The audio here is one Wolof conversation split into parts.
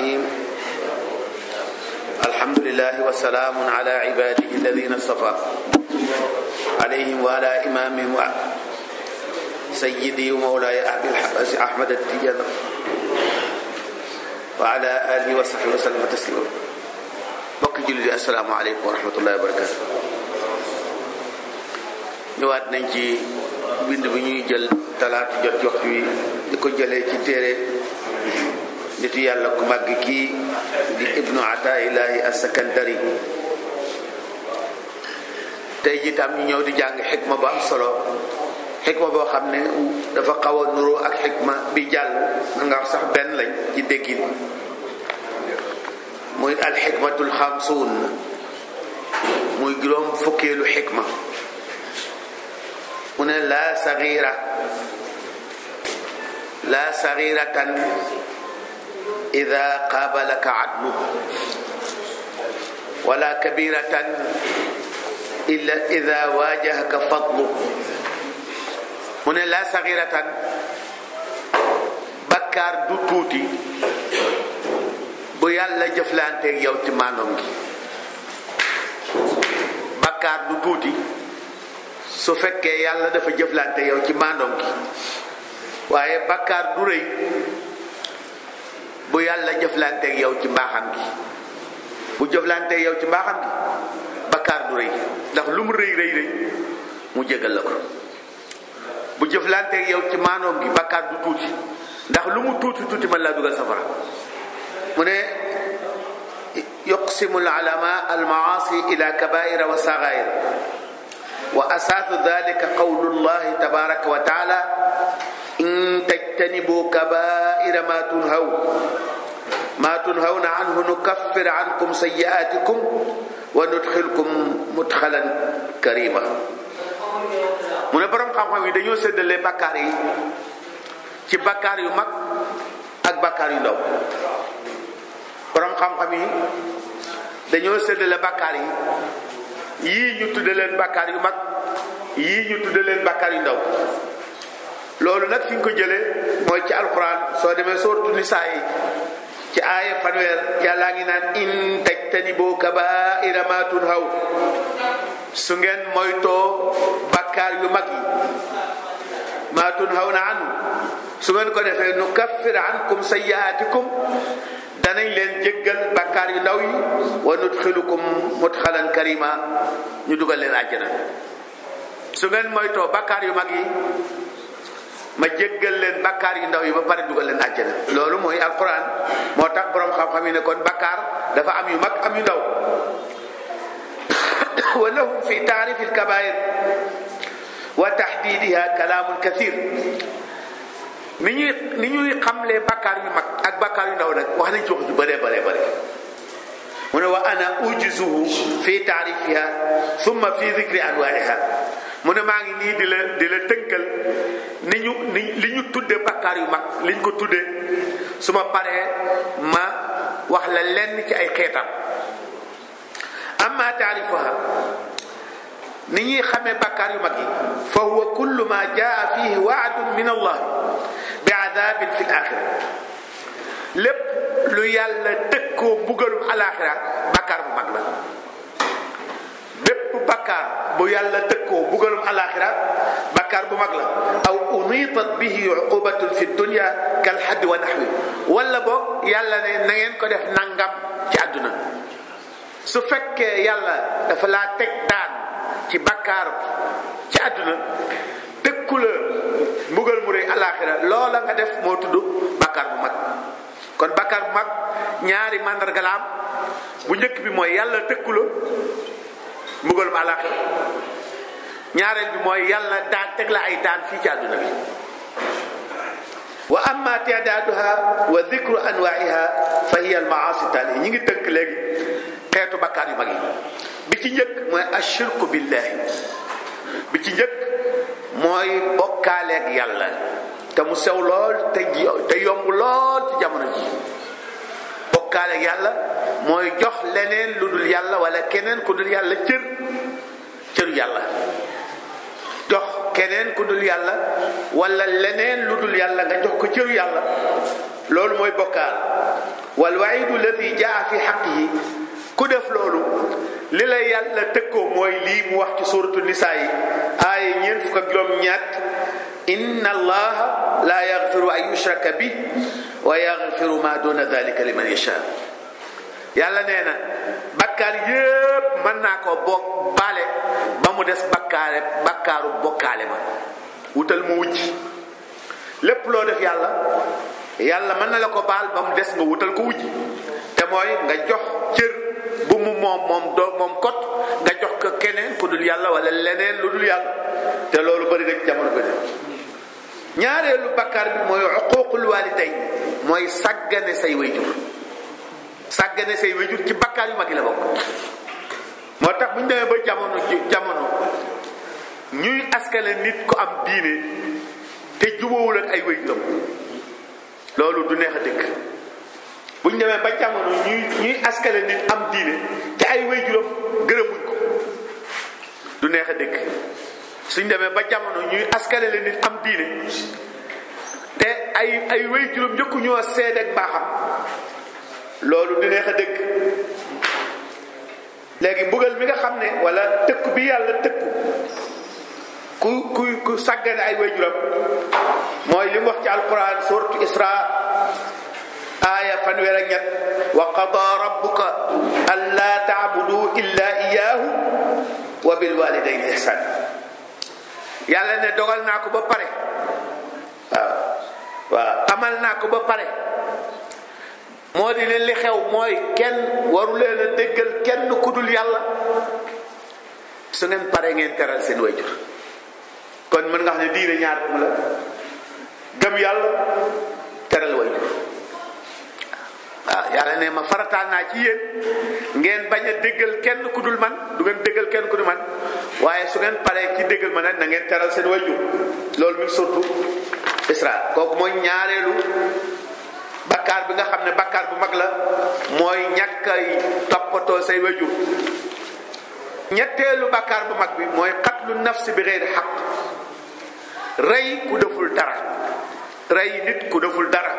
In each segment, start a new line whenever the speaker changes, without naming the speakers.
الرحيم الحمد لله وسلام على عباده الذين اصطفى عليهم وعلى إمامهم سيدي ومولاي أحمد التجان وعلى آله وصحبه وسلم تسليما mbokk jullit yi assalaamu aleykum wa rahmatullahi wa barakatu ñëwaat nañ ci bind bi ñuy jël talaata jot waxtu wi di ko jëlee ci téere nit yàlla ku màgg kii di ibnu atailahi as-sakandari tey jii tam ñu ñëw di jàng xikma bu am solo xikma boo xam ne dafa xaw a nuroo ak xikma bi jàll mën nga wax sax benn lañ ci déggin muy alxikmatul xamsuun muy juróom fukkeelu xikma mu ne laa saxiira laa saxiiratan ida qaabalaka adlu wala kabiratan illa ida waajahaka fadlu mu ne laa saxiratan bakkaar du tuuti bu yàlla jëflanteeg yow ci maanoom gi bakkaar du tuuti su fekkee yàlla dafa jëflante yow ci maandoom gi waaye bakkaar du rëy bu yàlla jëflanteeg yow ci mbaaxam gi bu jëflanteeg yow ci mbaaxam gi bakkaar du rëy ndax lu mu rëy rëy rëy mu jégal la ko bu jëflanteeg yow ci maanoom gi bakkaar du tuuti ndax lu mu tuuti tuuti mën laa dugal safara mu ne yuqsimu alama almaasi ila kabaira wa sagair wa asaasu dalika qawlu llahi tabaraka wa taala in taj ijtanibu kabaira ma tunhaw ma tunhawna anhu nukaffir ankum sayyi'atikum mu ne borom xam-xam yi dañoo séddale bakkaar yi ci bakkaar yu mag ak bakkaar yu ndaw borom xam-xam yi dañoo séddale bakkaar yi yii ñu tudd leen bakkaar yu mag yii ñu tudde leen bakkaar yu ndaw loolu nag fi ñu ko jëlee mooy ci alquran soo demee sooratu nisaa yi ci aaya fanweer yàllaa ngi naan in tajtanibu kabaa'ira maa tunhaw su ngeen moytoo bakkaar yu mag yi xaw tunhawna anhu su ngeen ko defee nu kaffir ankum sayyi'aatikum danañ leen jéggal bakkaar yu ndaw yi wa nudxilukum mudxalan karima ñu dugal leen àjjana su ngeen moytoo bakkaar yu mag yi ma jéggal leen bakkaar yu ndaw yi ba pare dugal leen àjjana loolu mooy alquran moo tax borom xam-xam yi ne kon bakkaar dafa am yu mag am yu ndaw wa lahum fi taarifi alkabair wa tahdidiha kalaamun kathir ni ñuy ni ñuy xamlee bakkaar yu ak bakkaar ndaw nag wax nañ ci wax ju bëree bëree bëri mu ne wa ana ujizuhu fi taarifiha thumma fi dhikri anwaiha mu ne maa ngi nii di la di la tënkal ni ñu ni li ñu tudde bakkaar yu mag li ñu ko tudde su ma paree ma wax la lenn ci ay xeetam amma taarifuha ni ñuy xamee bakkaar yu mag yi fa huwa kullu ma jaa fihi waadun min allah bi adabin fi l lu yàlla tëg koo bugalum alaxira bakkaar bu mag la bépp bakkaar bu yàlla tëkkoo bugalum alaxira bakkaar bu mag la aw unitat bihi uqubatun fi dunya kal xaddi wa yàlla ne na ngeen ko def nangam ci àdduna su fekkee yàlla dafa laa teg daan ci bakkaar ci àdduna tëkku la mbugal mu rëy alaxira loola nga def moo tudd bakkaar bu mag kon bakkaar bu mag ñaari màndarga la am bu njëkk bi mooy yàlla tëkku mbugalum àllaaxira ñaareel bi mooy yàlla daan teg la ay daan fii ci àdduna bi wa amma tedaaduha wa dicru anwaiha fa hiya almaasi taali ñi ngi tëkk léegi xeetu bakkaar yu mag bi ci njëkk mooy ashirku billahi bi ci njëkk mooy bokkaaleeg yàlla te mu sew lool te yomb lool ci jamono ji bokkaaleeg yàlla mooy jox leneen lu dul yàlla wala keneen ku dul yàlla cër cëru yàlla jox keneen ku dul yàlla wala leneen lu dul yàlla nga jox ko cëru yàlla loolu mooy bokkaal wal waidu ladi jaa fi xaqihi ku def loolu li la yàlla tëkkoo mooy lii mu wax ci suuratu nisaa yi aaya ñeent fukk ak juróom-ñett inna allaha la yaxfiru an yushraka bi wa yaxfiru ma duna dalika liman yasha yàlla nee na bakkaar yépp mën naa ko bokk baale ba mu des bakkaare bakkaaru bokkaale ma wutal mu wujj lépp loo def yàlla yàlla mën na la ko baal ba mu des nga wutal ko wujj te mooy nga jox cër bu mu moom moom kot nga jox ko keneen ku dul yàlla wala leneen lu dul yàlla te loolu bari na ci jamono ñaareelu bakkaar bi mooy uquuqul waalidayn mooy sàggane say wayjur sàggane say wéjur ci bakkaar yu mag yi la bokk moo tax bu ñu demee ba jamono jamono ñuy askale nit ko am diine te jubóowul ay wéjuram loolu du neex a dëkk bu ñu demee ba jamono ñuy askale nit am diine te ay wéjuram gërëmuñ ko du neex a dëkk suñ demee ba jamono ñuy askale la nit am diine te ay ay wéjuram njëkku ñoo seede ak mbaaxam loolu di neex a dégg léegi mbugal mi nga xam ne wala tëkku bi yàlla tëkku ku ku ku sàggane ay waajuram mooy li mu wax ci alquran suratu isra aaya fanweer ak ñett wa qada rabbuka an laa taabudu illa iyaahu wa bil walidayni ihsan yàlla ne dogal naa ko ba pare waaw waaw amal naa ko ba pare moo di leen li xew mooy kenn waru leen a kenn ku dul yàlla su ngeen paree ngeen teral seen wayjur kon mën nga xam ne diine ñaar mu la gëm yàlla teral wayjur waaw yàlla ne ma farataal naa ci yéen ngeen bañ a déggal kenn ku dul man du ngeen déggal kenn ku dul man waaye su ngeen paree ci déggal ma nag na ngeen teral seen wayjur loolu mi surtout Isra kooku mooy ñaareelu bakkaar bi nga xam ne bakkaar bu mag la mooy ñàkk ay toppatoo say wajur ñetteelu bakkaar bu mag bi mooy xatlu nafsi bi xeyri xaq rey ku deful dara rey nit ku deful dara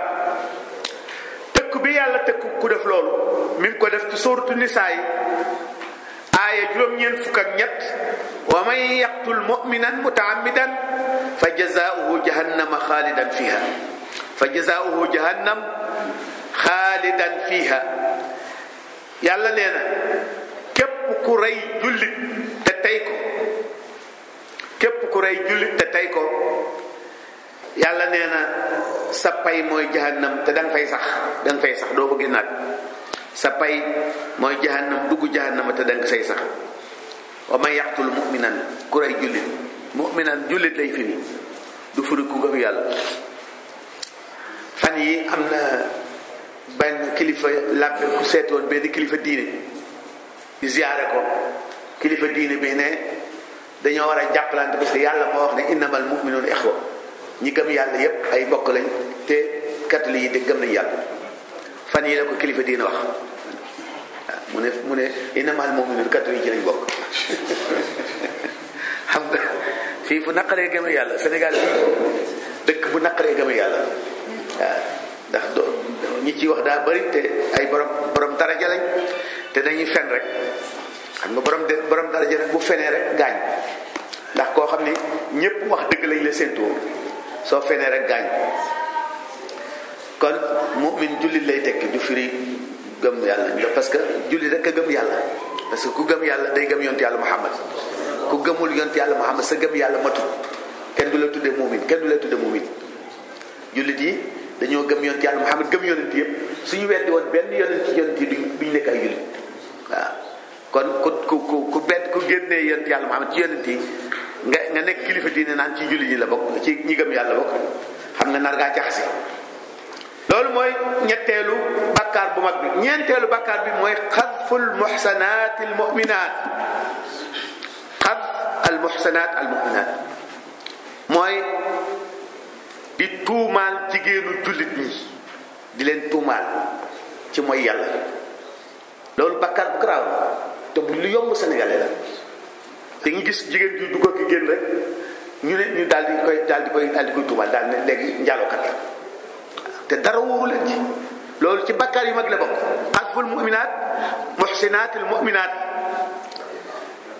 tëkk bi yàlla tëkk ku def loolu mi ko def ci suuratu nisaay yi aaya juróom-ñeent fukk ak ñett wa man yaqtul mu'minan mutaammidan fa jazaauhu jahannama xaalidan fiha fa jazaauhu jahannam xaalidan fiiha yàlla neena na képp ku jullit te tey ko képp ku rey jullit te tey ko yàlla nee na sa pay mooy jahannam te da nga fay sax da nga sax doo ko génnaat sa pay mooy jahannam dugg jahannama te da nga say sax wa man yaqtul muminan ku rey jullit muminan jullit lay firi du firi ku gëm yàlla fan yi am na benn kilifa làbbe ku seetoon benn kilifa diine di ziyaare ko kilifa diine bi ne dañoo war a jàppalante parce que yàlla moo wax ne innamal mu'minuuna ixwa ñi gëm yàlla yépp ay mbokk lañ te catholique yi de gëm nañ yàlla fan yi la ko kilifa diine wax mu ne mu ne innamal mu'minuuna catholique yi ci lañ bokk xam nga fii fu naqaree gëm yàlla Sénégal bi dëkk bu naqaree gëm yàlla ndax do ñi wax daa bari te ay borom borom daraja lañ te dañuy fen rek xam nga borom de borom daraja rek bu fenee rek gaañ ndax koo xam ne ñëpp wax dëgg lañ la séentu soo fenee rek gaañ kon mu'min jullit lay tekki du firi gëm yàlla parce que jullit rek a gëm yàlla parce que ku gëm yàlla day gëm yont yàlla muhammad ku gëmul yont yàlla muhammad sa gëm yàlla matul kenn du la tudde mu'min kenn du la tudde mu'min jullit yi dañoo gëm yonent yàlla Muhammad gëm yonent yëpp suñu weddi woon benn yonent ci yonent yi duñ kon ku ku ku bett ku génnee yonent nekk kilifa diine naan la bokk ci ñi gëm yàlla bokk xam nga nar ngaa jaxase loolu mooy ñetteelu bàkkaar bu mag bi bi mooy xadful muxsanaat al muminaat xadf al muxsanaat mooy di tuumaal jigéenu jullit ñi di leen tuumaal ci mooy yàlla loolu bàkkaar bu garaaw te bu lu yomb sénégalais la dañu gis jigéen ju dugg ak génn rek ñu ne ñu daal di koy daal di koy daal koy tuumaal daal ne léegi njaalookat la te dara wóoru leen ci loolu ci bakkaar yu mag la bokk xasbul muminaat muxsinaatil muminaat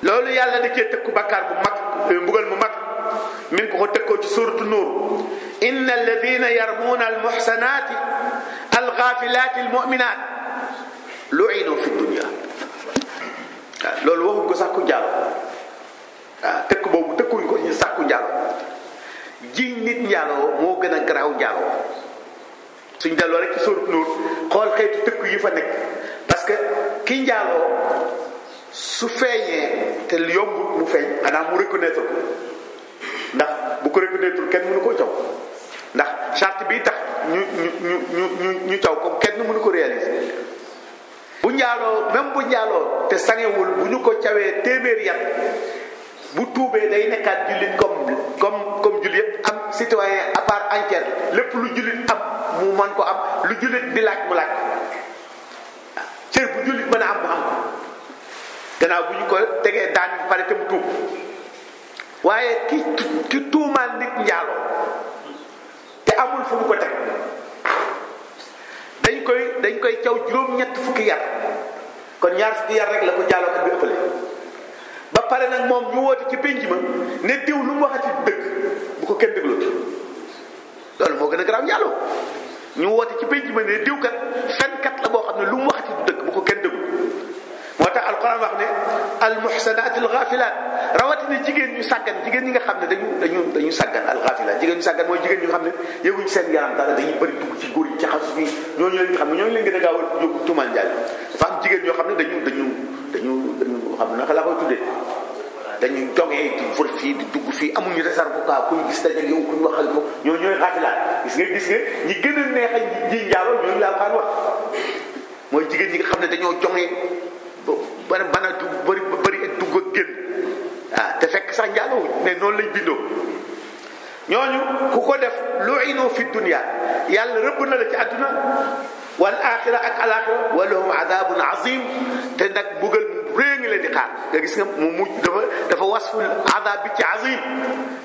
loolu yàlla da cee tëkku bakkaar bu mag mbugal mu mag mi ngi ko ko teg ko ci suuratu nuur inna alladina yarmuuna almuxsanaati alxaafilaati almuminaat luinu fi dunia waaw loolu waxuñ ko sàkku njaalo waaw tëkk boobu tëkkuñ ko ñu sàkku njaalo jiñ nit njaalo moo gën a garaaw njaalo suñ delloo rek ci suuratu nuur xool xeetu tëkk yi fa nekk parce que ki njaaloo su feeñee te yombut mu feeñ xanaa mu ndax bu ko recruté tul kenn mënu koo caw ndax charte bi tax ñu ñu ñu ñu ñu caw ko kenn mënu ko réaliser bu njaaloo même bu njaaloo te sangewul bu ñu ko cawee téeméer yat bu tuubee day nekkaat jullit comme comme comme jullit yëpp am citoyen à part entière lépp lu jullit am mu mën ko am lu jullit di laaj mu laaj cër bu jullit mën a am mu am ko gannaaw bu ñu ko tegee daan pare te mu tuub waaye ki ki tuumaal nit njaaloo te amul fu mu ko teg dañ koy dañ koy caw juróom-ñett fukki yar kon ñaar fukki yar rek la ko njaalookat pare nag moom woote ci pénc ma ne diw lu mu waxati dëgg ko kenn déglooti loolu moo gën a garaaw njaaloo ñu woote ci ma diw kat fenkat la boo xam ne lu mu waxati du dëgg bu ko kenn déglu moo tax alxuraan wax ne almuhsanaat alxaafilaat rawatina jigéen ñu sàggan jigéen ñi nga xam ne dañu dañu dañu sàggan alxaafilaat jigéen ñu sàggan mooy jigéen ñi nga xam ne yëguñ seen yaram dara dañuy bëri dugg ci góor yi jaxasu bi xam ne ñooñu leen gën a gaawal xam ne dañu dañu dañu dañu xam ne naka laa koy tuddee fii di dugg fii amuñu réserve quoi kuy gis daje yow kuñ wax ñoo ñooy xaafilaat gis nga gis nga ñi gën a neex a ji njaawal ñooñu laa wax mooy jigéen ñi nga xam ne dañoo jogee bana bana du bëri ah te fekk sax njaalowuñ mais noonu lañ bindoo ñooñu ku ko def lu'inu fi dunya yàlla rëbb na la ci àdduna wal axira ak alaxira wa lahum adabun azim te nag mbugal mu rëy ngi leen di xaar mu mujj dafa dafa wasful adab bi ci azim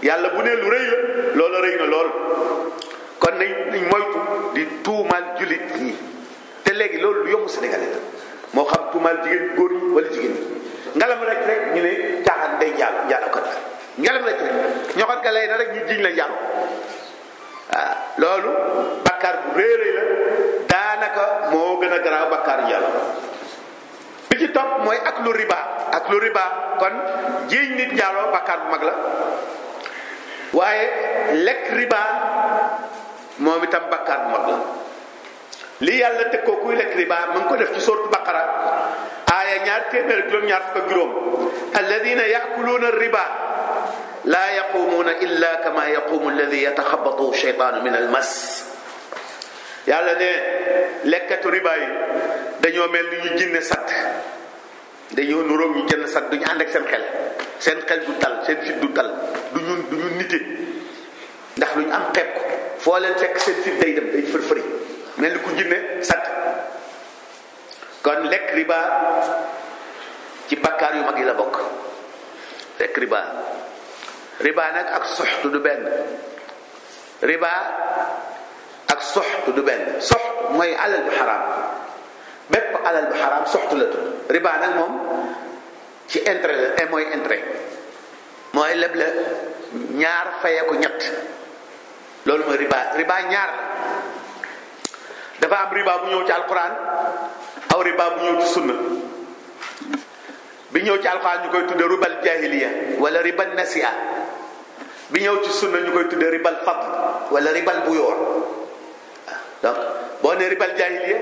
yàlla bu nee lu rëy la loola rëy na lool kon nañ nañ moytu di tuumaal jullit ñi te léegi loolu lu yomb Sénégalais la moo xam tuumaal jigéen góor ñi wala jigéen ñi ngalam rek rek ñu ne caaxaan day jaalo jaalo kat ngalam rek rek ñoxat ka lay na rek ñu jiñ la jaalo ah, waaw loolu bakkaar bu réeréy la daanaka moo gën a garaaw bakkaar jaalo bi topp mooy ak lu riba ak lu riba kon jiñ nit jaalo bakkaar bu mag la waaye lekk riba moom itam bakkaar bu mag la li yàlla teg ko kuy lekk riba mu ngi ko def ci sortu baqara aaya ñaar téeméer ak juróom-ñaar fukk ak juróom alladina yaakuluuna riba laa yaqumuuna illa kama yaqumu alladi yataxabatu cheytaanu min al mas yàlla ne lekkatu riba yi dañoo mel ni ñu jinne satt dañoo nuróog ñu jënn satt duñu ànd ak xel seen xel du dal seen fit du dal duñu duñu nite ndax lu ñu am xeeb ko foo leen fekk seen fit day dem day fërfëri mel ni ku jinne satt kon lekk riba ci bakkaar yu mag yi la bokk lekk ribaa riba nag ak soxtu du benn riba ak soxtu du benn soxtu mooy alal bu xaraam bépp alal bu xaraam soxtu la tudd riba nag moom ci intérêt la mooy intérêt mooy leb la ñaar fayeeku ñett loolu mooy riba riba ñaar dafa am riba bu ñëw ci alquran aw riba bu ñëw ci sunna bi ñëw ci alquran ñu koy tudde ribal jahiliya wala ribal nasia bi ñëw ci sunna ñu koy tudde ribal fadl wala ribal bu yoor donc boo ne ribal jahiliya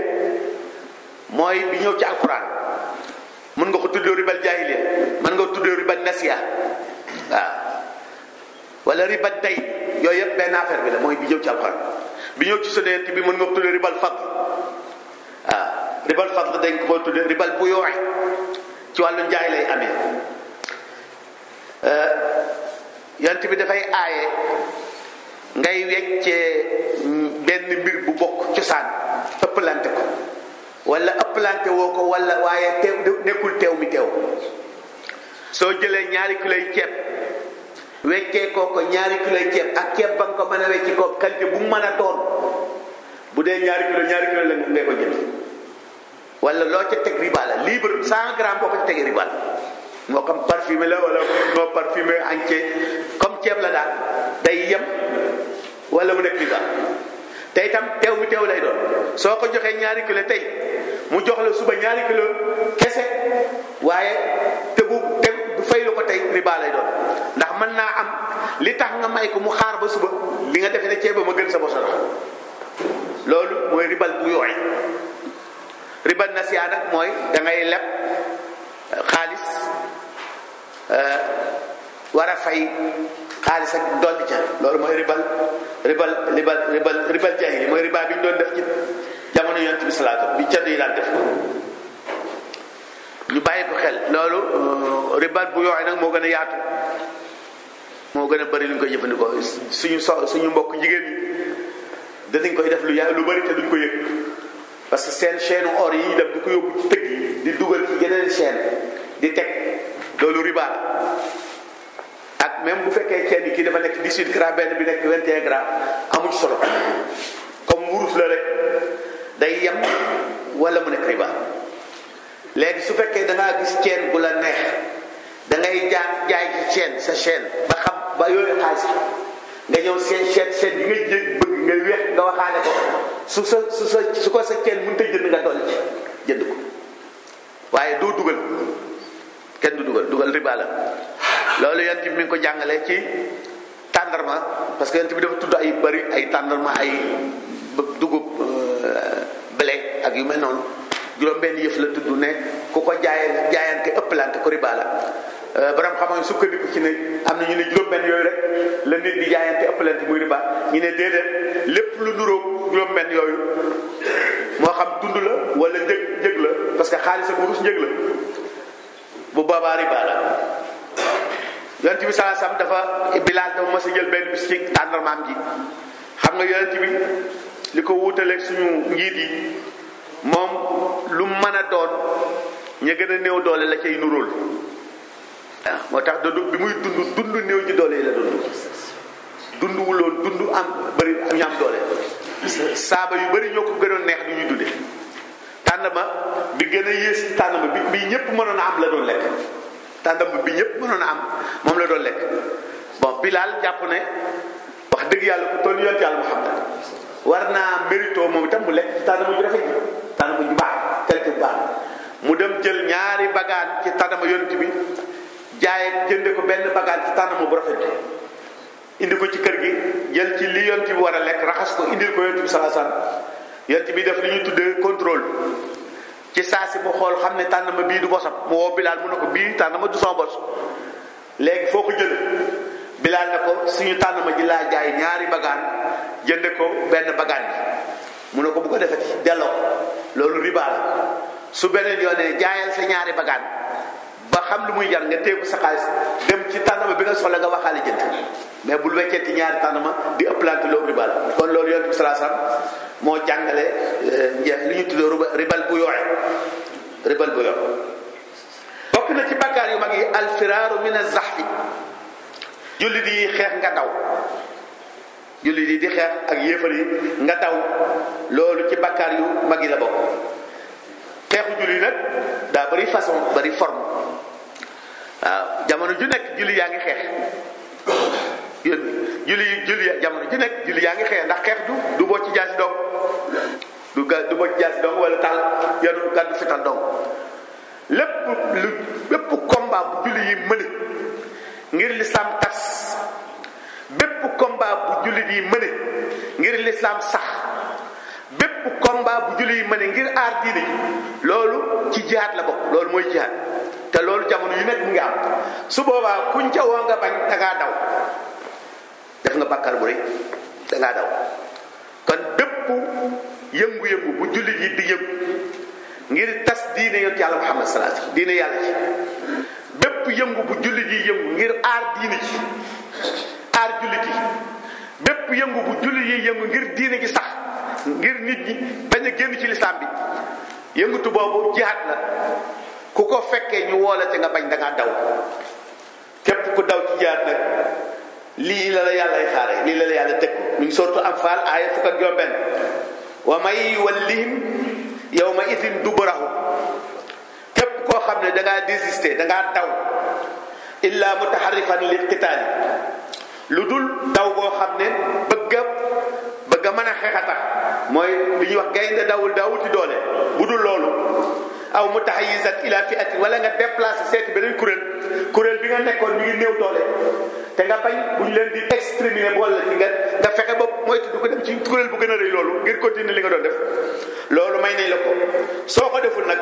mooy bi ñëw ci alquran mën nga ko tudde ribal jahiliya mën nga ko tudde ribal nasia waaw wala ribal day yooyu yëpp benn affaire bi la mooy bi ñëw ci alquran bi ñëw ci sunniyat bi mën nga ko tuddee ribal fadl waaw ah, ribal fadl dañ ko tuddee ribal bu yooxe ci wàllu njaay lay amee eh, yant bi dafay aaye ngay weccee benn mbir bu bokk cosaan ëpplante ko wala ëpplante woo ko wala waaye teew nekkul teew mi teew soo jëlee ñaari kiloy ceeb weccee koo ko ñaari kilo ceeb ak ceeb ba nga ko mën a wecci ko qualité bu mu mën a doon bu dee ñaari kilo ñaari kilo la nga ko jënd wala loo ca teg riba la libre cent grammes boo ko ca tegee riba moo xam parfumé la wala moo parfumé entier comme ceeb la daal day yem wala mu nekk riba te itam teew bi teew lay doon soo ko joxee ñaari kilo tey mu jox la suba ñaari kilo kese waaye tegu faylu ko tey riba lay doon ndax mën naa am li tax nga may ko mu xaar ba suba li nga defe ne ceeba ma gën sa bosa la loolu mooy ribal bu yooy ribal nasiya nag mooy da ngay leb euh, xaalis euh, war a fay xaalis ak dolli ca loolu mooy ribal ribal ribal ribal ribal jaahili mooy ribaa bi ñu doon def ci jamono yonent bi salaatu bi caddu yi daan def ñu bàyyi ko xel loolu euh, ribaat bu yooxee nag moo gën a yaatu moo gën a bari lu ñu koy jëfandikoo suñu so suñu mbokk jigéen ñi danañ koy def lu yaay lu bëri ko yëg parce que seen chaîne or yi def di ko yóbbu ci tëgg di dugal ci yeneen chaîne di teg loolu ribaat ak même bu fekkee chaîne yi kii dafa nekk 18 grammes benn bi nekk 21 grammes amu ci solo comme wurus la rek day yem wala mu nekk ribaat léegi su fekkee da gis chaîne bu la neex dangay ngay jaar jaay ci chaîne sa chaîne ba xam ba yooyu xaalis nga ñëw seen chaîne chaîne bi nga jënd bëgg nga weex nga waxaale ko su sa su sa su ko sa chaîne mënut a jënd nga dolli ci jënd ko waaye doo dugal kenn du dugal dugal riba loolu yant bi ngi ko jàngalee ci tàndarma parce que yant bi dafa tudd ay bëri ay tàndarma ay dugub euh, blé ak yu mel noonu juróom-benn yëf la tudd ne ku ko jaayee jaayante ëppalante ku riba la euh, borom xam sukkandiku ci ne am na ñu ne juróom-benn yooyu rek la nit di jaayante ëppalante muy riba ñu ne déedéet lépp lu nuróog juróom-benn yooyu moo xam dund la wala njëg njëg la parce que xaalis ak wurus njëg la bu boobaa riba la. saa sam dafa bilaal dafa mos a jël benn bis ci ji xam nga yonent li ko wuutaleeg suñu njiit yi. moom lu mën a doon ña gën a néew doole la cay nuróol waaw moo tax da bi muy dund dund néew ñi doole yi la dund dund wuloon dund am bëri ñam doole saaba yu bari ñoo ko gënoon neex du ñuy dunde tàndama bi gën a yées tàndama bi bi ñëpp mënoon a am la doon lekk tàndama bi ñëpp mënoon a am moom la doon lekk bon Bilaal jàpp ne wax dëgg yàlla ku toll yonent yàlla na war naa mérito moom itam mu lekk tàndama ju rafet xanaa bu mu dem jël ñaari bagaan ci tànnama yonent bi jaay jënde ko benn bagaan ci tànnama bu rafet bi indi ko ci kër gi jël ci li yonent bi war a lekk raxas ko indil ko yonent bi sallallahu alayhi wasallam bi def li ñu tuddee contrôle ci saa si mu xool xam ne tànnama bii du bosam mu bilaal mu ne ko bii tànnama du sama bos léegi foo ko jël bilaal ne ko suñu tànnama ji laa jaay ñaari bagaan jënde ko benn bagaan bi mu ne ko bu ko ci delloo loolu riba su beneen yoonee jaayal sa ñaari bagaan ba xam lu muy jar nga téye ko sa xaalis dem ci tànnama bi nga soxla nga waxaale jënd mais bul wecceeti ñaari tànnama di ëpplante loolu riba la kon loolu yonent bi salaa salaam moo jàngale euh, li ñu tuddee ribal bu yooye ribal bu yooye bokk na ci bakkaar yu mag yi alfiraaru min azahfi jullit yi xeex nga daw jullit yi di xeex ak yéefar yi nga daw loolu ci bakkaar yu mag yi la bokk xeexu julli nag daa bari façon bari forme waaw jamono ju nekk julli yaa ngi xeex yéen julli julli jamono ju nekk julli yaa ngi xeex ndax xeex du du ci jaasi dong du ga du ci jaasi dong wala taal yanu gàddu fital dong lépp lu lépp combat bu julli yi mëne ngir lislaam tas combat bu jullit yi mëne sax bépp combat bu jullit yi ngir aar diine loolu ci la bokk loolu mooy jihaad te loolu jamono yu mu ngi am su boobaa kuñ ca woo def nga bàkkaar bu rëy da ngaa daw kon bépp yëngu-yëngu bu jullit yi di yëngu ngir tas diine yonent yàlla Muhammad salaat diine yàlla ci bépp yëngu bu jullit yi yëngu ngir aar diine ci aar jullit yi bépp yëngu bu jullit yi yëngu ngir diine gi sax ngir nit ñi bañ a génn ci lislaam bi yëngutu boobu jihaat na ku ko fekkee ñu woola ci nga bañ da daw képp ku daw ci jihaat nag lii la la yàlla ay xaare lii la la yàlla tëkku mi ngi sortu am faal aaya fukk ak juróom benn wa may wallihim yawma idin duburahu képp koo xam ne da ngaa désister da ngaa daw illa mutaharrifan li lu dul daw boo xam ne bëgg a bëgg a mën a xeex mooy li ñuy wax gaynde dawul daawul ci doole bu dul loolu aw mu taxayisat ila fi atin wala nga déplacé seeti beneen kuréel kuréel bi nga nekkoon mi ngi néew doole te nga bañ buñ leen di extréminer boole ci nga nga fexe bopp moytu du ko dem ci kuréel bu gën a rëy loolu ngir continuer li nga doon def loolu may nañ la ko soo ko deful nag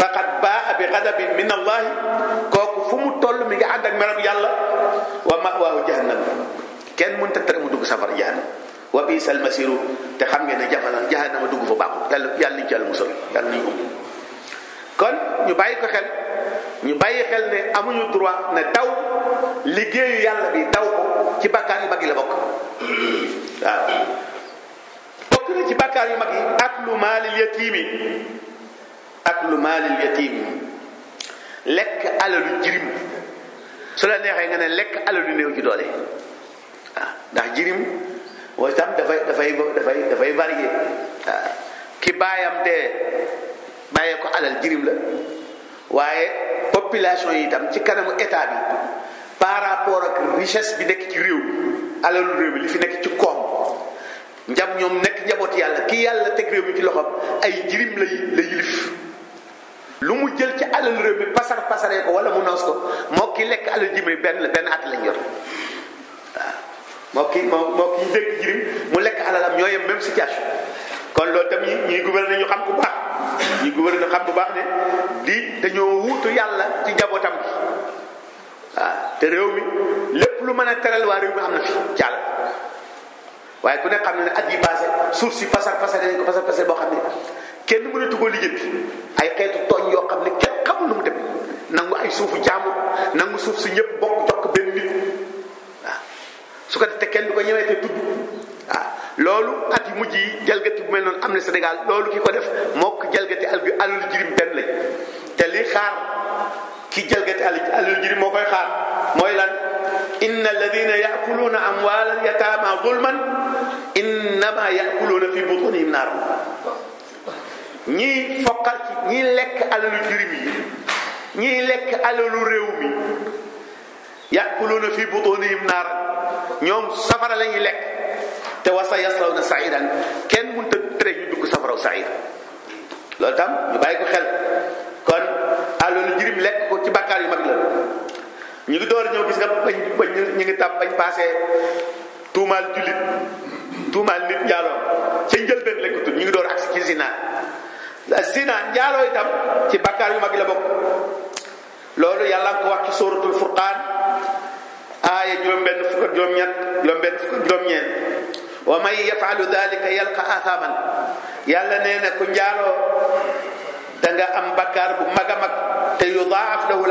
faqad baa bi ghadabin min allahi kooku fu mu toll mi nga ànd ak meram yàlla wa mawaahu jahannam kenn mën ta tere mu dugg safar jahannam wa biisa al masiru te xam ngeen ne jafana jahannama dugg fa baaxul yàlla yàlla niñ ci yàlla musal yàlla niñ um kon ñu bàyyi ko xel ñu bàyyi xel ne amuñu droit ne daw liggéeyu yàlla bi daw ko ci bàkkaar yu mag yi la bokk waaw bokk na ci bàkkaar yu mag yi aklu maalil yatiimi lu maalil yatiimi lekk alalu jirim su la neexee nga ne lekk alalu néew ji doole waaw ndax jirim mooy tam dafay dafay dafay dafay ki baayam dee bàyyee ko alal jirim la waaye population yi itam ci kanamu état bi par rapport ak richesse bi nekk ci réew mi alalu réew mi li fi nekk ci koom njam ñoom nekk njaboot yàlla ki yàlla teg réew mi ci loxoom ay jirim lay la yilif lu mu jël ci alal réew mi pasar pasaree ko wala mu noos ko moo ki lekk alal jimé benn benn at lañ yor waaw moo ki moo moo ki dégg jirim mu lekk alalam ñoo yem même situation kon loolu tam ñi ñuy gouverner ñu xam ku baax ñi na xam bu baax ne di dañoo wuutu yàlla ci njabootam gi waaw ah, te réew mi lépp lu mën a teral waa réew mi am na fi jàll waaye ku ne xam ne ne at yi passé suuf si fasal fasal nañ ko fasal fasal boo xam ne kenn mënatu koo lijjanti ay xeetu tooñ yoo xam ne kenn xamul nu mu dem nangu ay suufu jaamu nangu suuf si ñëpp bokk jokk benn nit waaw ah, su ko defee kenn du ko ñëwee te tudd waaw ah, loolu at yu mujj yi jalgati bu mel noon am na Sénégal loolu ki ko def mook jalgati al alul jirim benn lañ te li xaar ki jalgati al alul jirim moo koy xaar mooy lan inna alladina yakuluuna amwal al yatama zulman innama yakuluuna fi butunihim naar ñiy foqal ci ñiy lekk alalu jirim yi ñiy lekk alalu réew mi yakuluuna fi butunihim naar ñoom safara la ñuy lekk te wa sa yaslawna kenn mënut a tere ñu dugg safaraw sair loolu tam ñu bàyyi ko xel kon àlloolu jirim lekk ko ci bàkkaar yu mag la ñu ngi door a ñëw gis nga bañ bañ ñu ngi tàb bañ passé tuumaal jullit tuumaal nit ngi door agsi ci zina la zina njaaloo ci bàkkaar yu mag la bokk loolu yàlla nga ko wax ci sóoratul furqaan aaya juróom benn fukk ak juróom ñett benn fukk ak juróom wa man yafalu dalika yalqa athaman yàlla nee na ku njaaloo da nga bu mag a mag te yudaaf lahu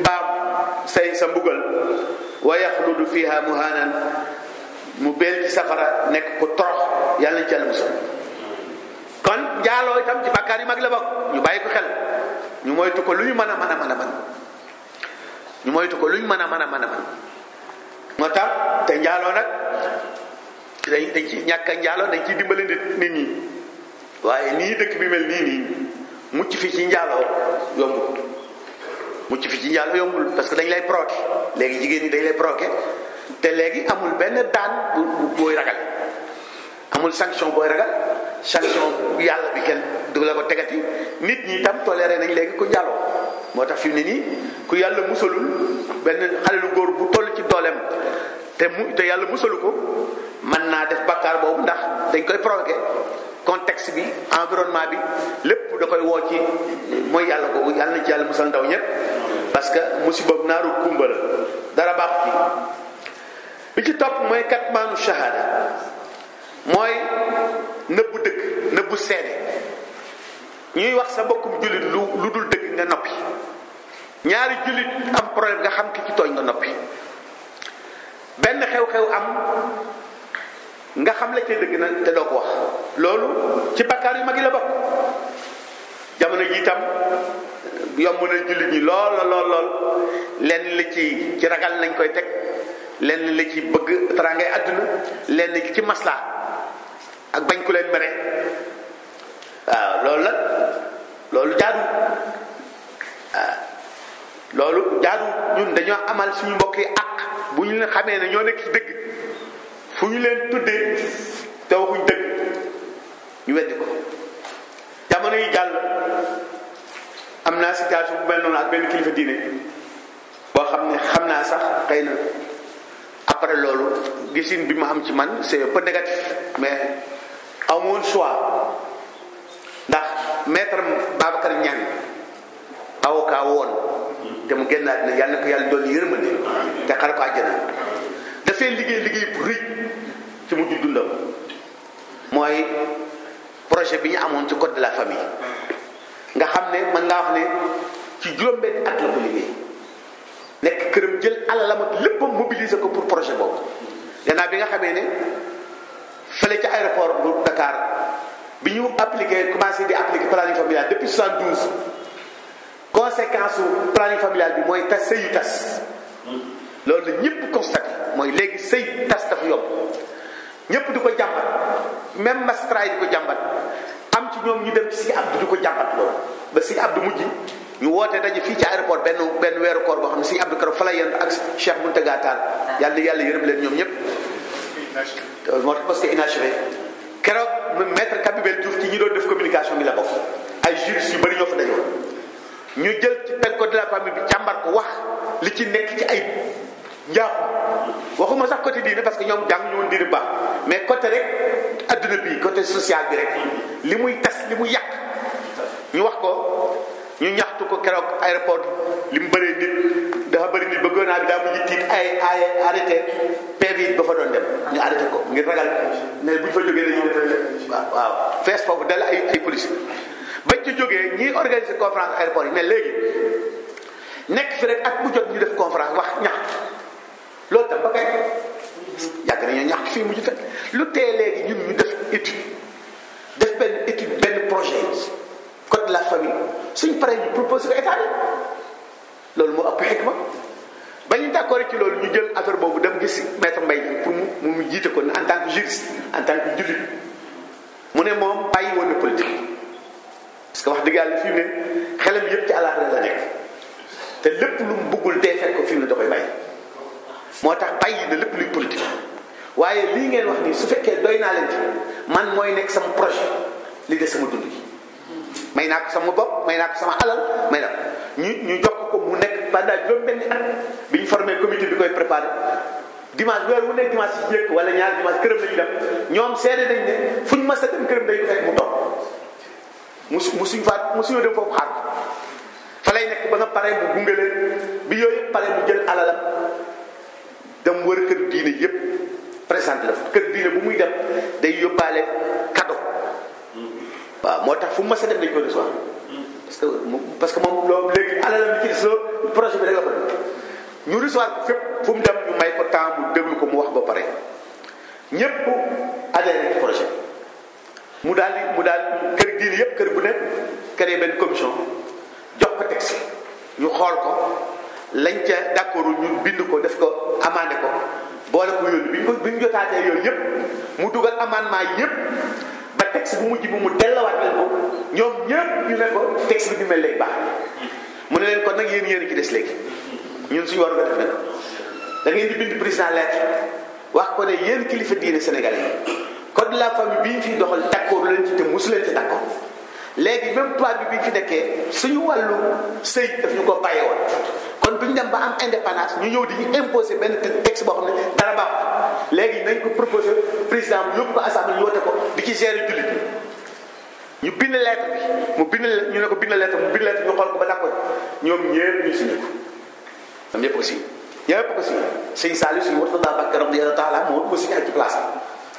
baab say sa mbugal wa yaxludu fiha muhanan mu beel safara nekk ku torox yàlla nañ ci kon njaaloo itam ci bakkaar yu mag la bokk ñu bàyyi ko xel ñu moytu ko lu ñu mën a mën a a ñu moytu ko luñ mën a mën a mën a mën moo tax te njaaloo nag dañ dañ ci ñàkk a njaaloo dañ ciy dimbali nit nit ñi waaye nii dëkk bi mel nii nii mucc fi ci njaaloo yombul mucc fi ci njaaloo yombul parce que dañ lay proqué léegi jigéen ñi dañ lay proqué te léegi amul benn daan bu booy ragal amul sanction booy ragal sanction yàlla bi kenn du la ko tegati nit ñi tam toléré nañ léegi ko njaaloo moo tax fi mu ne nii ku yàlla musalul benn xale lu góor bu toll ci dooleem te mu te yàlla musalu ko mën naa def bàkkaar boobu ndax dañ koy provoqué contexte bi environnement bi lépp da koy woo ci mooy yàlla boobu yàlla na ci yàlla musal ndaw ñëpp parce que musiba naaru kumba la dara baax ci bi ci topp mooy katmaanu shahada mooy nëbbu dëgg nëbbu seede ñuy wax sa mbokkum jullit lu lu dul dëgg nga noppi ñaari jullit am problème nga xam ki ci tooñ nga noppi benn xew-xew am nga xam la cay dëgg na te doo ko wax loolu ci bakkaar yu mag yi la bokk jamono ji itam yomb na jullit yi lool lool lool lenn li ci ci ragal nañ koy teg lenn li ci bëgg teraangay àdduna lenn li ci maslaa ak bañ ku leen mere waaw loolu nag loolu jaadu loolu jaadu ñun dañoo amal suñu mbokk yi àq bu ñu leen xamee na ñoo nekk ci dëgg fu ñu leen tuddee te waxuñ dëgg ñu weddi ko jamono yi jàll am naa situation bu mel noonu ak benn kilifa diine boo xam ne xam naa sax xëy na après loolu gisin bi mu am ci man c'est peu négatif mais amoon choix maître Babacar Niang avocat woon te mu génn àddina yàlla na ko yàlla dolli yërmande te xare ko àjjana dafay liggéey liggéey bu rëy ci mu dundam mooy projet bi ñu amoon ci code de la famille nga xam ne mën ngaa wax ne ci juróom-benn at la ko liggéey nekk këram jël alalam ak léppam ko pour projet boobu gannaaw bi nga xamee ne fële ci aéroport bu Dakar bi ñu appliqué commencé di appliqué planning familial depuis 72 conséquence su planning familial bi mooy tas sëyu tas loolu la ñëpp constaté mooy léegi sëy tas dafa yomb ñëpp du ko jàmbat même mastraay di ko jàmbat am ci ñoom ñu dem ci si Abdou du ko jàmbat loolu ba si Abdou mujj ñu wootee daje fii ci aéroport benn benn weeru koor boo xam ne si Abdou Karo fa la yendu ak Cheikh Mountaga Tall ah. yàlla yàlla yërëm leen ñoom ñëpp moo tax parce que inachevé keroog mu maître Kabibel Diouf ci ñi doon def communication bi la bokk ay juristes yu bëri ñoo fa dajoo ñu jël ci peg code de la famille bi càmbar ko wax li ci nekk ci ay njaaxum waxuma sax côté diine parce que ñoom jàng ñu woon diine baax mais côté rek adduna bi côté social bi rek li muy tas li mu yàq ñu wax ko ñu ñaxtu ko keroog aéroport li mu bëree nit dafa bëri nit ba gouvernement bi daa mujj tiit ay ay arrêté PV ba fa doon dem ñu arrêté ko ngir ragal ne bu ñu fa jógee dañuy def waaw waaw fees foofu dal ay ay police bañ ci jógee ñiy organiser conférence aéroport yi ne léegi nekk fi ak bu jot ñu def conférence ne dimanche si jëkk wala ñaar dimanche këram lañu dem ñoom seede nañ ne fuñ mës a dem këram dañu fekk mu toog musu musuñ fa musuñoo dem foofu xaar fa lay nekk ba nga paree bu gunge bi yooyu paree bu jël alalam dem wër kër diine yépp présenté la kër diine bu muy dem day yóbbaale cadeau waaw moo tax fu mës a dem dañ ko recevoir parce que parce que moom loolu léegi alalam bi ci des projet bi la ko def ñu recevoir ko fépp fu mu dem ñu may ko temps mu déglu ko mu wax ba pare ñëpp adhéré ci projet mu daal di mu daal kër diine yëpp kër bu nekk créé benn commission jox ko texte ñu xool ko lañ ca d'accord ñu bind ko def ko amandé ko boole ko yónni bi ñu ko bi ñu jotaatee yooyu yëpp mu dugal amendement yëpp ba texte bu mujj bi mu dellawaat leen ko ñoom ñëpp ñu ne ko texte bi ni mel lay baax mu ne leen kon nag yéen yéen ci des léegi. ñun suñu waru nga def nag da ngeen di bind président lettre wax ko ne yéen kilifa diine sénégalais yi code de la famille bi ñu fiy doxal d'accord leen ci te mosu léegi même toit bi bi ñu fi nekkee suñu wàllu sëy daf ñu ko bàyyi woon kon bu dem ba am indépendance ñu ñëw di ñu imposer benn si boo xam ne dara baax léegi nañ ko proposer président bi yóbbu ko assemblée ñu ko di ci gérer jullit bi ñu bind lettre bi mu bind ñu ne ko bind lettre mu bind lettre ñu xool ko ba d'accord ñoom ñëpp ñu signé ko ñoom ñëpp ko siiw ñëpp ko siiw sëñ Saliou suñu Mourtada Mbacké radiyallahu taala moo moo signé ci place bi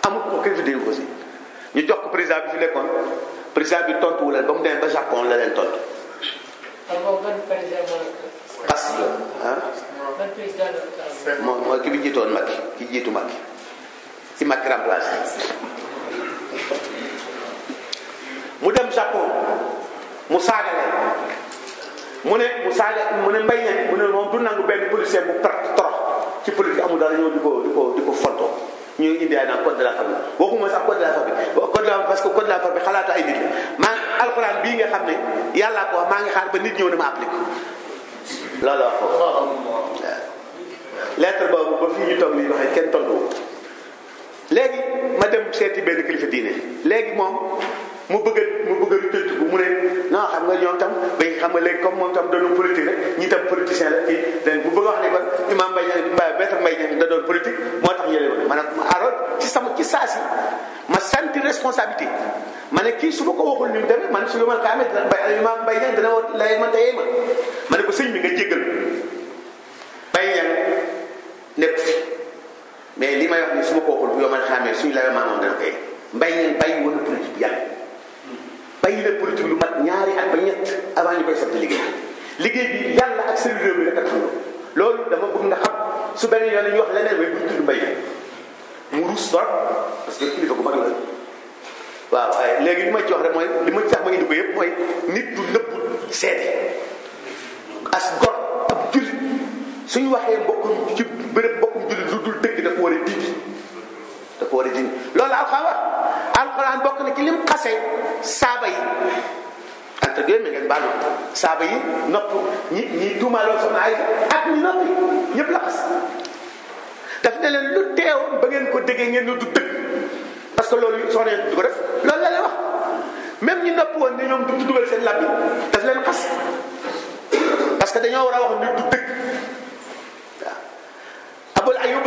amul ko kilifa dégg ko si ñu jox ko président bi fi nekkoon président bi tontu wu leen ba mu demee ba Japon la leen tontu. xas la ki bi ki jiitu Macky ci Macky remplacé mu dem Japon mu ne mu saaga mu ne mbay ña mu ne moom du nangu benn policier bu perte torox ci politique amul dara ñëw di ko di ko di ko fontoo ñu indi ay naan code de la famille waxuma sax code de la famille code de la de la famille xalaata ay nit alxuraan bii nga xam ne yàllaa ko maa ngi xaar ba nit ñëw ne ma appliqué loolu wax ko lettre boobu ba fii ñu toog nii waxee kenn tontu léegi ma dem seeti benn kilifa diine léegi moom mu bëgg mu bëgg a tëj bu mu ne non xam nga ñoom tam bay xam nga léegi comme moom tam doonul politique rek ñi tam politicien la kii dañ bu bëgg a wax ne kon imam Mbaye Niang Mbaye Maître Mbaye Niang da doon politique moo tam yële woon ma ne ma alors ci sama ci saa si ma senti responsabilité ma ne kii su ma ko waxul ni mu demee man su ma ko amee dina Mbaye imam Mbaye Niang dina woon lay ma tayee ma ma ne ko sëñ bi nga jéggal Mbaye Niang nekk fi mais wax ni su ma ko waxul suñu lawee maamoom dana koy Mbaye Niang bàyyi bàyyi la politique lu mat ñaari ak ba ñett avant ñu koy sotti liggéey liggéey bi yàlla ak seen réew mi rek a tax loolu dama bëgg nga xam su beneen yoon ñu wax leneen waaye bu ñu tudd mbay mu ruus trop parce que kilifa bu mag la waaw waaye léegi li ma ci wax rek mooy li ma sax ma indi ko yëpp mooy nit du nëbb seede as gor ab jullit suñu waxee mbokkum ci bërëb mbokkum jullit lu dul dëgg dafa war a dindi ko war a dindi loolu alxuraan wax bokk na ci lim xase saaba yi entre guillemets ngeen baal saaba yi nopp ñi ñi tuumaaloo soxna Aysa ak ñi noppi ñëpp la xas daf ne leen lu teewoon ba ngeen ko déggee ngeen ne du dëgg parce que loolu soxna du ko def loolu la lay wax même ñi nopp woon ne ñoom du dugal seen lab bi daf leen xas parce que dañoo war a wax ni du dëgg waaw Abul Ayyub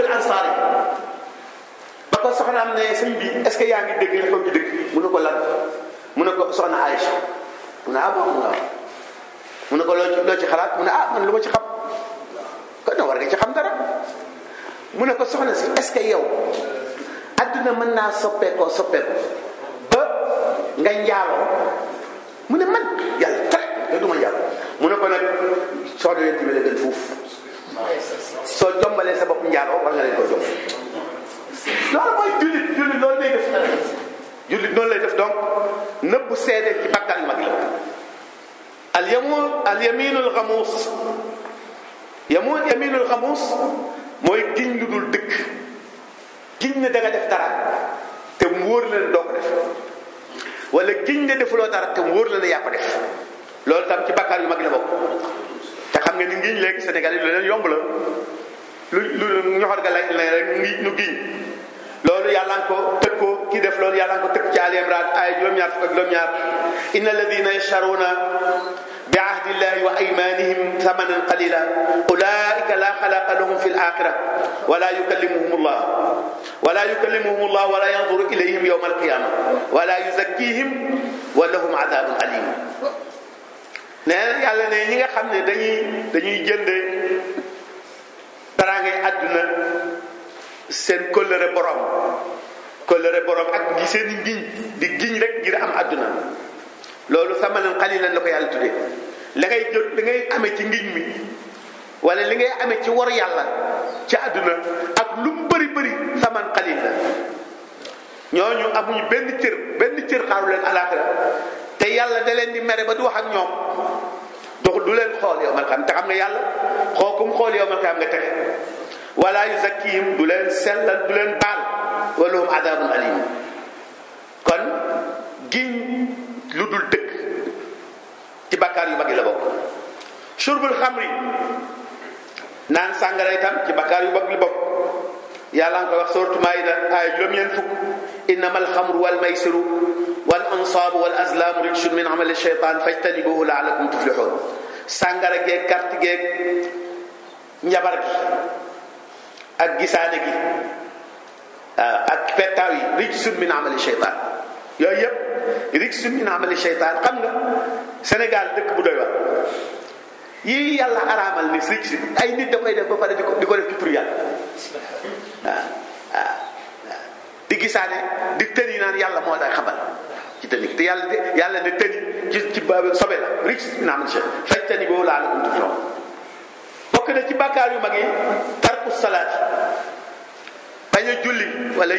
am ne sëñ bi est ce que yaa ngi dégg dafa ci dëgg mu ne ko lan mu ne ko soxna Aïcha mu ne ah bon mu ko loo ci loo ci xalaat mu ne ah man lu ma ci xam kon na xam dara mu ne ko soxna si est ce que yow adduna mën naa soppeekoo soppeeku ba nga njaaloo mu ne man yàlla tere du ma njaaloo mu ne ko nag soxna yéen tamit sa bopp njaaloo war nga ko jomb loolu mooy jullit jullit lay def jullit noonu lay def donc nëbbu seede ci bakkan mag la al yamu al yaminul xamuus yamu yaminul xamuus mooy giñ lu dul dëkk giñ ne da def dara te mu wóor leen ne doo ko def wala giñ ne defuloo dara te mu wóor la ne yaa def loolu tam ci bakkaar yu mag la bokk te xam nga ni ngiñ léegi Sénégal yi lu leen yomb la lu lu ñoxor ga la la rek nu giñ loolu yàlla nga ko tëg ko kii def loolu yàlla nga ko tëg ci Ali Imran ay juróom-ñaar fukk ak juróom-ñaar inna alladina yashtaruna bi ahdillahi wa aymanihim thamanan qalila ulaika la xalaqa lahum fi alaxira wala yukallimuhum allah wala yukallimuhum allah wala yanzuru ilayhim yawma alqiyama wala yuzakkihim wa lahum adabun alim nee na yàlla ne ñi nga xam ne dañuy dañuy jënde taraangay àdduna seen kóllëre borom kóllëre borom ak gi seen i di giñ rek ngir am àdduna loolu sama leen xalilan la ko yàlla tuddee la ngay jot li ngay amee ci ngiñ mi wala li ngay amee ci war yàlla ci àdduna ak lu mu bëri bëri saman xalil la ñooñu amuñ benn cër benn cër xaaru leen te yàlla da leen di mere ba du wax ak ñoom dox du leen xool yow man xam te xam nga yàlla xookum xool yow man xam nga texe wala yuzakkihim du leen sellal du leen baal wala hum adabun alim kon giñ lu dul dëkk ci bakkaar yu mag yi la bokk surbul xamri naan sàngara itam ci bakkaar yu mag yi la bokk yàlla nga koy wax sooratu Maayida aaya juróom-ñeent fukk innama alxamru wal maysiru wal ansaabu wal azlaamu rijsun min amali shaytaan fajtanibuhu laalakum tuflixuun sàngara geeg carte geeg njabar gi ak gisaane gi ak pettaaw yi rijsun min amali sheytaan yooyu yëpp rijsun min amali sheytaan xam nga Sénégal dëkk bu doy war yii yàlla araamal ni rijsun ay nit da koy def ba pare di ko di ko def ci tur yàlla waaw waaw di gisaane di tëni naan yàlla moo lay xamal ci tëni te yàlla de yàlla ne tëni ci ci ba sobe la rijsun min amali sheytaan faj tëni boobu laa la bokk na ci bàkkaar yu mag yi tarku salaati bañ a julli wala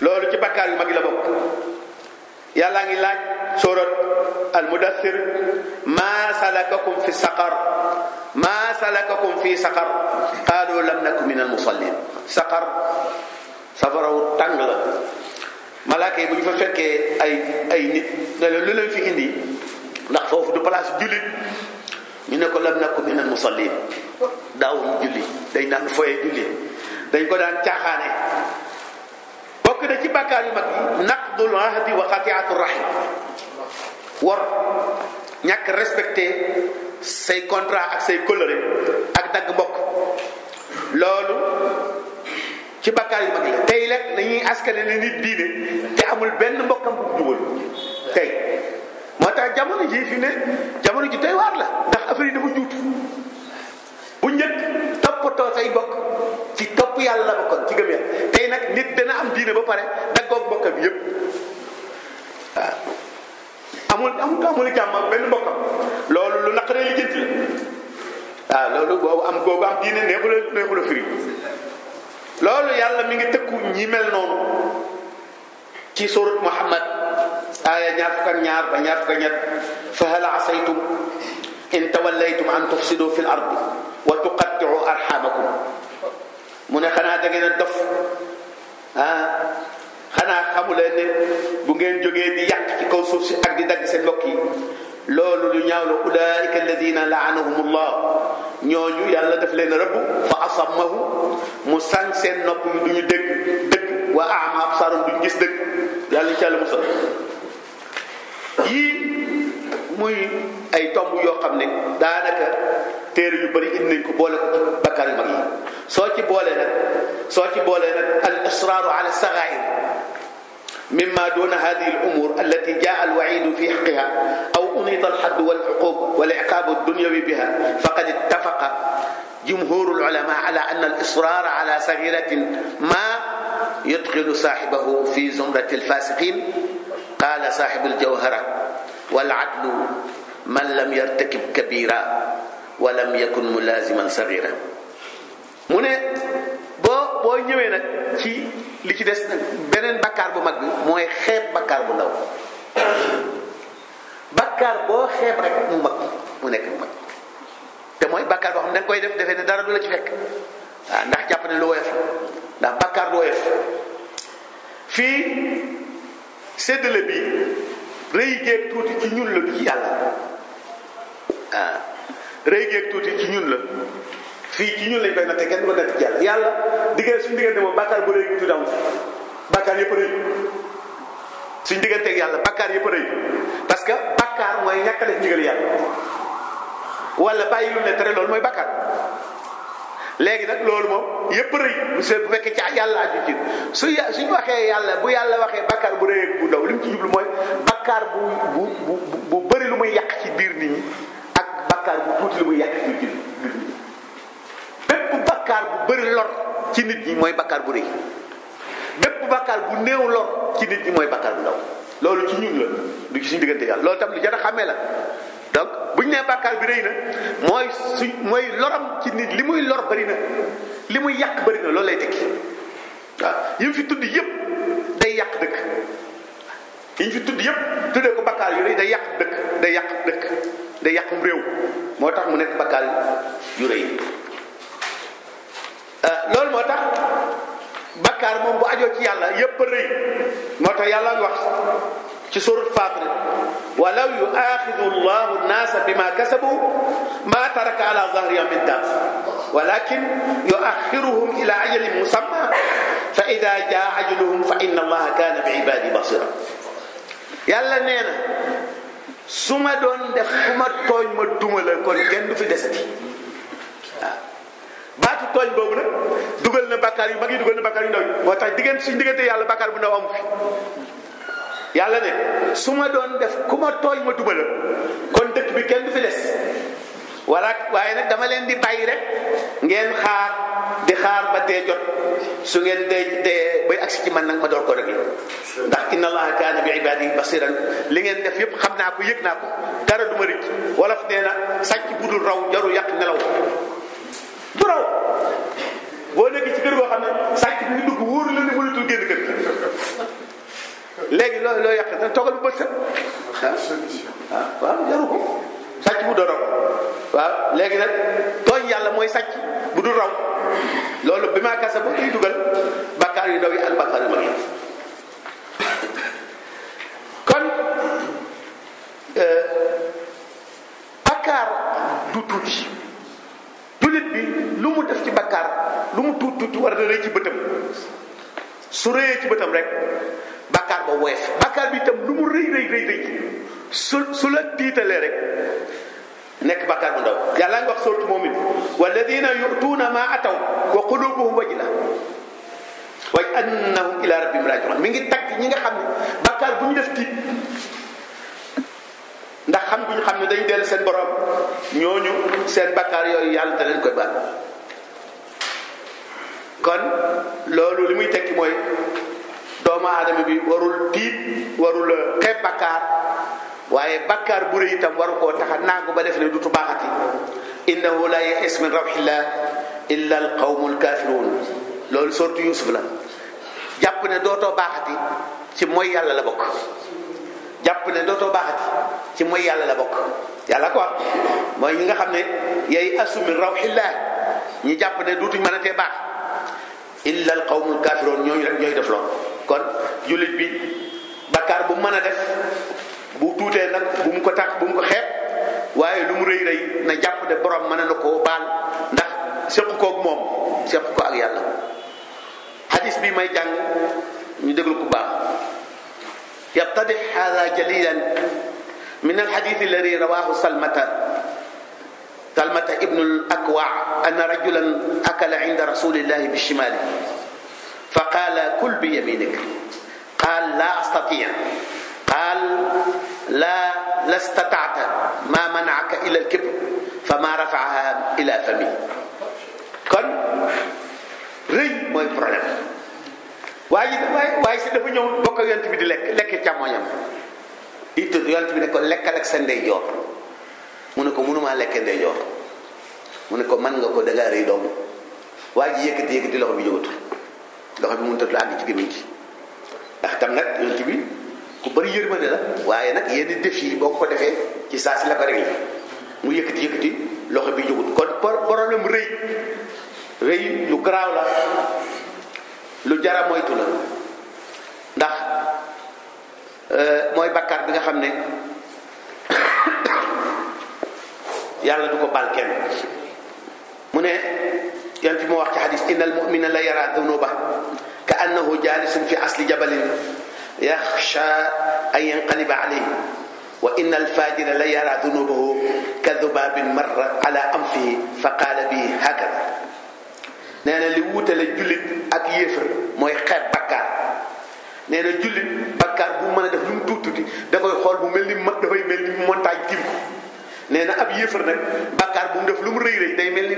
loolu ci bakkaar yu mag yi la ngi laaj sóorat al mudathir maa salakakum fi saqar maa salakakum fi saqar qaalu lam naku min al musallin saqar safarawu tàng la malaaka yi bu ñu fa fekkee ay ay nit ne lu leen fi place jullit ñu ne ko lam nakku minal musallin daawuñ julli dañ daan foye julli dañ ko daan caaxaane bokk na ci bàkkaar yu mag yi naqdul ahdi wa qati'atu rahim ñàkk respecté say contrat ak say coloré ak dagg mbokk loolu ci bàkkaar yu mag yi tey lekk dañuy askane ni nit diine te amul benn mbokkam bu jubal tey moo tax jamono jii fi jamono ji tey waar la ndax affaire yi dafa juutu bu njëkk toppatoo say bokk ci topp yàlla la ci gëm tey nag nit dana am diine ba pare daggoog bokkam yépp waaw amul amul amul benn mbokkam loolu lu naqaree lijjanti la waaw loolu boobu am googu am diine neexula neexula firi loolu yàlla mi ngi tëkku ñi mel noonu ci surat Muhammad aaya ñaar fukk ak ñaar ba ñaar fukk ak ñett fa hal asaytum in tawallaytum an tufsidu fi l ardi wa tuqattiu arhamakum mu ne xanaa da ngeen a dof ah xanaa xamuleen ne bu ngeen jógee di yàq ci kaw suuf si ak di dagg seen mbokk yi loolu lu ñaaw la ulaika alladina laanahum llah ñooñu yàlla daf leen rëbb fa asammahu mu sànq seen nopp yi du ñu dégg dëgg wa ama absarum duñu gis dëgg yàlla ñu ci yàlla musal yii muy ay tomb yoo xam ne daanaka téere yu bëri indi nañ ko boole ko ci bakkaar yu mag yi soo ci boolee nag soo ci boolee nag al israaru ala sagair mimma duna hadihi al umur allati jaa al waidu fi xaqiha aw unita al xadd wal uquub wal iqaabu dunyawi biha faqad ittafaqa jumhuru al ulama ala anna al israr ala sagiratin ma yutqilu saaxibahu fi zumrati al fasiqin qaala saaxibul jawhara wal adlu man lam yartakib kabira wa lam yakun mulaaziman sagira mu ne boo boo ñëwee nag ci li ci des nag beneen bakkaar bu mag bi mooy xeeb bakkaar bu ndaw bakkaar boo xeeb rek mu mag mu nekk mu mag te mooy bakkaar boo xam ne da nga koy def defee ne dara du la ci fekk waaw ndax jàpp ne lu woyof ndax bakkaar du woyof fii séddale bi rëy géeg tuuti ci ñun la du ci yàlla ah rëy géeg tuuti ci ñun la fii ci ñun lañ koy nattee kenn du ko natt ci yàlla yàlla diggante suñu diggante moom bàkkaar bu rëy gi tuuti amul bàkkaar yëpp rëy suñu digganteeg yàlla bàkkaar yëpp rëy parce que bàkkaar mooy ñàkk a def ndigal yàlla wala bàyyi lu ne loolu mooy bàkkaar léegi nag loolu moom yëpp rëy bu fekkee ca yàlla aju ci su suñu waxee yàlla bu yàlla waxee bakkaar bu rëy bu ndaw li mu mooy bakkaar bu bu bu lu muy yàq ci biir nit ñi ak bakkaar bu tuuti lu muy yàq ci biir nit bépp bakkaar bu bari lor ci nit ñi mooy bakkaar bu rëy bépp bakkaar bu néew lor ci nit ñi mooy bakkaar bu ndaw loolu ci ñun la du ci diggante yàlla loolu tam lu jar a xàmmee la. donc bu ñu nee bàkkaar bi rëy na mooy su mooy loram ci nit li muy lor bari na li muy yàq bari na loolu lay tekki yi mu fi tudd yëpp day yàq dëkk yi ñu fi tudd yëpp tuddee ko bàkkaar yu rëy day yàq dëkk day yàq dëkk day yàqum réew moo tax mu nekk bàkkaar yu rëy euh, loolu moo tax bàkkaar moom bu ajoo ci yàlla yëpp a rëy moo tax yàlla wax ci sóorut Faatir walaw yuaxidu llahu nnaasa bima kasabu ma taraka ala zahriha min daab walakin yuaxiruhum ila ajalin musamma fa ida jaa ajaluhum fa inna allaha kaana bi ibaadi basira yàlla nee na su ma doon def ku ma tooñ ma duma la kon kenn du fi desati waaw baatu tooñ boobu nag dugal na bakkaar yu mag yi dugal na bakkaar yu ndaw yi moo tax diggante suñ diggante yàlla bakkaar bu ndaw amu fi yàlla ne su ma doon def ku ma ma duma la kon dëkk bi kenn du fi des wala waaye nag dama leen di bàyyi rek ngeen xaar di xaar ba dee jot su ngeen de dee bay agsi ci man nag ma door ko réglé ndax inna allaha kaana bi ibaadihi basiran li ngeen def yépp xam naa ko yëg naa ko dara du ma wala fi nee na sàcc bu dul raw jaru yàq nelaw du raw boo nekk ci kër goo xam ne sàcc bi ngi dugg la ne mënatul génn kër léegi loo loo yàq dana toogal bu bët set ah, ah, waaw jaru ko sàcc bu dul raw waaw léegi nag tooñ yàlla mooy sàcc bu dul raw loolu bi maa kasa boo day dugal bàkkaar yu ndaw yi ak bàkkaar yu mag yi kon euh, bàkkaar du tuuti jullit bi lu mu def ci bàkkaar lu mu tuut tuuti war na rëy ci bëtam su rëyee ci bëtam rek bakkaar ba woyof bakkaar bi itam lu mu rëy su su la tiitalee rek nekk bakkaar bu ndaw yàlla ngi wax sortu moom it walladina yutuuna ma ataw wa qulubuhum wajila wa annahum ila rabbihim rajiun mi ngi tagg ñi nga xam ne bakkaar bu ñu def tiit ndax xam bu ñu xam ne dañu dellu seen borom ñooñu seen bakkaar yooyu yàlla da leen koy baal kon loolu li muy tekki mooy doomu aadama bi warul tiit warul xeeb waaye bakkaar bu rëy itam waru koo tax a nangu ba def ne dutu baaxati innahu la yaxis min rawxillah illa al qawmu loolu sortu yusuf la jàpp ne dooto baaxati ci mooy yàlla la bokk jàpp ne dootoo ci mooy yàlla la bokk yàlla ko mooy ñi nga xam ne yay asu min rawxillah ñi jàpp ne duutuñ mën a tee baax illa al qawmu alkaafiruun def loolu kon jullit bi bakkaar bu mën a def bu tuutee nag bu mu ko tax bu mu ko xeeb waaye lu mu rëy rëy na jàpp de borom mën na koo baal ndax séq koog moom séq ko ak yàlla hadis bi may jàng ñu déglu ku baax yabtadix hada jalilan min alxadit alladi rawahu salmata salmata ibnu al akwa anna rajulan akala inda rasulillahi bishimali فقال كل بيمينك قال لا أستطيع قال لا لاستطعت ما منعك إلى الكبر فما رفعها إلى فمي kon rëy mooy problème waa ji waaye waaye si dafa ñëw bokk ak yonent bi di lekk lekk càmmoñam it yonent bi ne ko lekkal ak sa ndeyjoor mu ne ko mënumaa lekkee ndeyjoor mu ne ko man nga ko da ngaa rëy doomu waa ji yëkkati yëkkati loxo bi jógatul loxo bi mënut a àgg ci gémmiñ ci ndax tam nag yonent bi ku bari yërmande la waaye nag yenn def yi boo ko defee ci saa si la ko réglé mu yëkkati yëkkati loxo bi jógut kon problème rëy rëy lu garaaw la lu jara moytu la ndax euh, mooy bakkaar bi nga xam ne yàlla du ko baal mu ne yonent bi moo wax ci xadis inna al mumina la yara dunuba ka annahu jalisun fi asli jabalin yaxsha an yanqaliba alayhi wa inna al fajira la yara dunubahu ka dubabin marra ala anfihi fa qaala bi hakada nee na li wuutale jullit ak yéefar mooy xeet bakkaar nee na jullit bakkaar bu mën a def lu mu tuuti da koy xool bu mel ni dafay mel ni montagne tiim ko nee na ab yéefar nag bàkkaar bu mu def lu mu rëy rëy day mel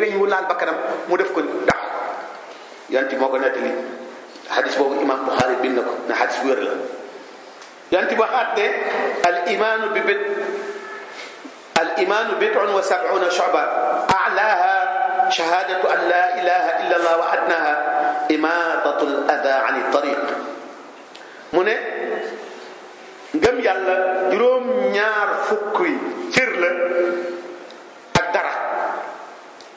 mu def ko ndax yanti moo ko nettali xadis boobu Buxaari bind na ko ne yanti waxaat ne al imaanu bi bit al imaanu bid'un wa sab'una a'laaha shahaadatu an laa ilaha illa allah wa adnaaha imaatatu al adaa an mu ne ngëm yàlla juróom ñaar fukk shirk la ak dara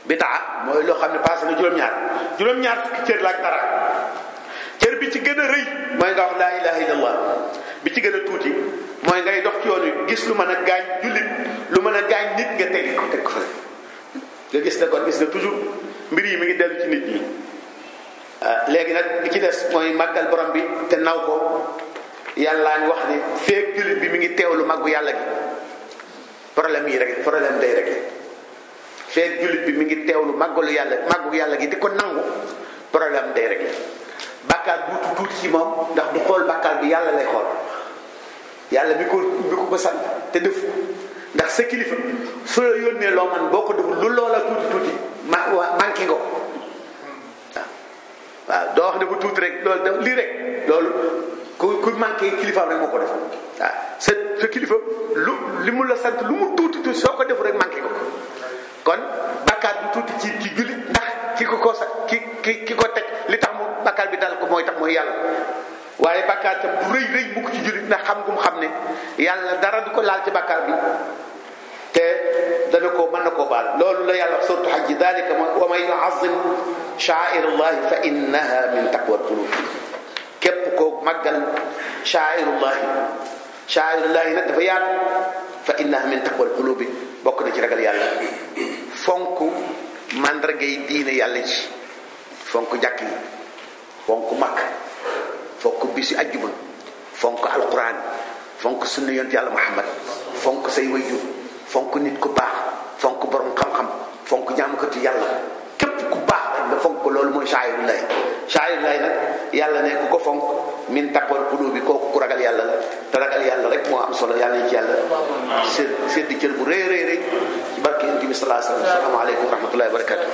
bidaa mooy loo xam ne passé na juróom-ñaar juróom-ñaar fukki cër la ak dara cër bi ci gën a rëy mooy nga wax laa ilaha illallah bi ci gën a tuuti mooy ngay dox ci yoon wi gis lu mën a gaañ lu mën a gaañ nit nga teg ko teg ko fa nga gis ne kon gis ne toujours mbir yi mi ngi dellu ci nit ñi ah, léegi nag li ci des mooy màggal borom bi te naw ko yàlla ñu wax ne feek jullit bi mi ngi teew teewlu màggu yàlla gi problème yi rek problème day réglé feeg jullit bi mi ngi teew teewlu màggalu yàlla màggu yàlla gi di ko nangu problème day réglé bàkkaar bu tuuti ci moom ndax du xool bàkkaar bi yàlla lay xool yàlla mi ko mi ko sant te def ndax sa kilifa su la yónnee loo man boo ko deful lu loola tuuti tuuti ma manqué nga ko waaw doo wax ne bu tuuti rek loolu lii rek loolu ku ku manqué kilifaam rek moo ko def waaw ah, sa sa kilifa lu li mu la sant lu soo ko def rek manqué kon bàkkaar bu tuuti ci ci jullit ki ko ko sa ki ko teg li tax mo bàkkaar bi dal ko mooy tax mooy yàlla waaye bàkkaar tam bu rëy rëy mukk ci jullit ndax xam gum xam ne yàlla dara du ko laal ci bàkkaar bi te dana ko mën na koo baal loolu la yàlla surtout xaj ji dalika wa man yuazim sha'air allahi fa innaha min taqwa képp koo màggal shaairullahi shaairullahi nag dafa yaatu fa innaha min taqwal qulubi bokk na ci ragal yàlla fonk màndargay diine yàlla ci fonk jàkk yi fonk màkk fonk bisi ajjuma fonk alquran fonk sunna yont yàlla muhammad fonk say wayjur fonk nit ku baax fonk borom xam-xam fonk jaamukati yàlla képp te fonk ko loolu mooy shaa'irullaah shaa'irullaah nag yàlla ne ku ko fonk min taqwal quluubi kooku ku ragal yàlla la te ragal yàlla rek moo am solo yàlla nañ ci yàlla sedd sedd cër bu rëy rëy rëy ci barke yonent bi sallallaahu alayhi wa sallam assalaamu aleykum wa rahmatullaahi wa barakaatuh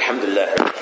alhamdulilah